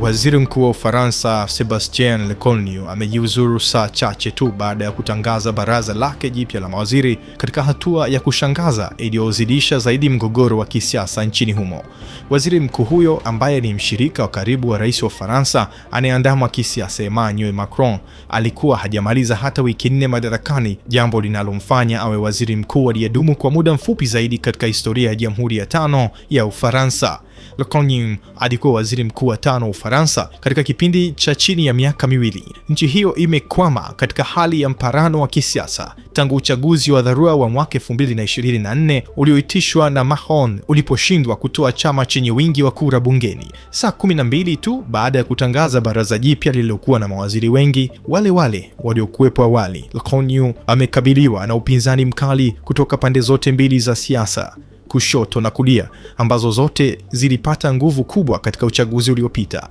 Waziri Mkuu wa Ufaransa Sebastien Lecornu amejiuzuru saa chache tu baada ya kutangaza baraza lake jipya la mawaziri katika hatua ya kushangaza iliyozidisha zaidi mgogoro wa kisiasa nchini humo. Waziri mkuu huyo ambaye ni mshirika wa karibu wa rais wa Ufaransa anayeandamwa kisiasa Emmanuel Macron alikuwa hajamaliza hata wiki nne madarakani, jambo linalomfanya awe waziri mkuu aliyedumu kwa muda mfupi zaidi katika historia ya Jamhuri ya tano ya Ufaransa. Le Cornu alikuwa waziri mkuu wa tano wa Ufaransa katika kipindi cha chini ya miaka miwili. Nchi hiyo imekwama katika hali ya mparano wa kisiasa tangu uchaguzi wa dharura wa mwaka 2024 ulioitishwa na Macron uliposhindwa kutoa chama chenye wingi wa kura bungeni. Saa 12 tu baada ya kutangaza baraza jipya lililokuwa na mawaziri wengi wale wale waliokuwepo awali, Le Cornu amekabiliwa na upinzani mkali kutoka pande zote mbili za siasa kushoto na kulia ambazo zote zilipata nguvu kubwa katika uchaguzi uliopita.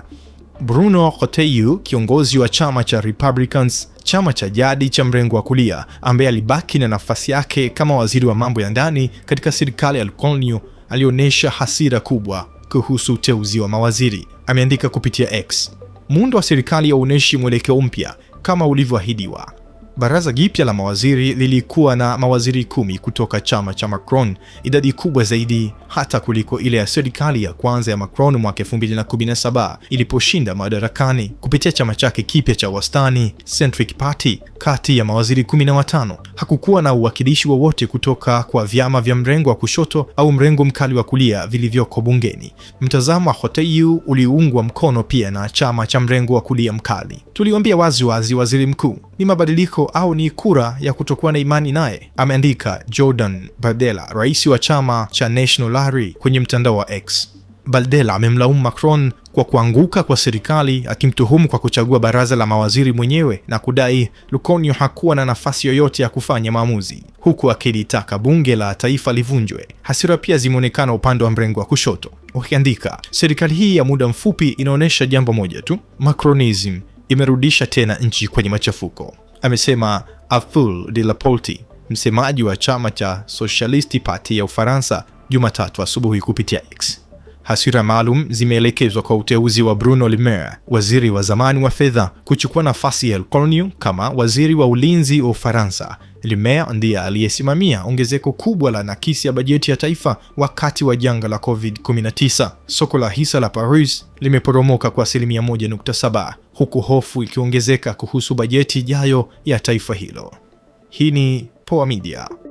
Bruno Retailleau, kiongozi wa chama cha Republicans, chama cha jadi cha mrengo wa kulia, ambaye alibaki na nafasi yake kama waziri wa mambo ya ndani katika serikali ya Alconio, alionyesha hasira kubwa kuhusu uteuzi wa mawaziri. Ameandika kupitia X: muundo wa serikali hauoneshi mwelekeo mpya kama ulivyoahidiwa. Baraza jipya la mawaziri lilikuwa na mawaziri kumi kutoka chama cha Macron, idadi kubwa zaidi hata kuliko ile ya serikali ya kwanza ya Macron mwaka 2017 iliposhinda madarakani kupitia chama chake kipya cha wastani Centric Party. Kati ya mawaziri watano hakukuwa na uwakilishi wowote kutoka kwa vyama vya mrengo wa kushoto au mrengo mkali wa kulia vilivyoko bungeni. Mtazamo wa Hoteyu uliungwa mkono pia na chama cha mrengo wa kulia mkali. Tuliambia wazi wazi waziri mkuu, ni mabadiliko au ni kura ya kutokuwa na imani naye, ameandika Jordan Bardella, rais wa chama cha National Rally kwenye mtandao wa X. Bardella amemlaumu Macron kwa kuanguka kwa serikali akimtuhumu kwa kuchagua baraza la mawaziri mwenyewe na kudai Lukonio hakuwa na nafasi yoyote ya kufanya maamuzi, huku akilitaka bunge la taifa livunjwe. Hasira pia zimeonekana upande wa mrengo wa kushoto wakiandika, serikali hii ya muda mfupi inaonyesha jambo moja tu, Macronism imerudisha tena nchi kwenye machafuko amesema aful de la Polti, msemaji wa chama cha Socialist Party ya Ufaransa Jumatatu asubuhi kupitia X. Hasira maalum zimeelekezwa kwa uteuzi wa Bruno Le Maire, waziri wa zamani wa fedha, kuchukua nafasi ya Elcornu kama waziri wa ulinzi wa Ufaransa. Le Maire ndiye aliyesimamia ongezeko kubwa la nakisi ya bajeti ya taifa wakati wa janga la COVID-19. Soko la hisa la Paris limeporomoka kwa asilimia 1.7 huku hofu ikiongezeka kuhusu bajeti ijayo ya taifa hilo. Hii ni Poa Media.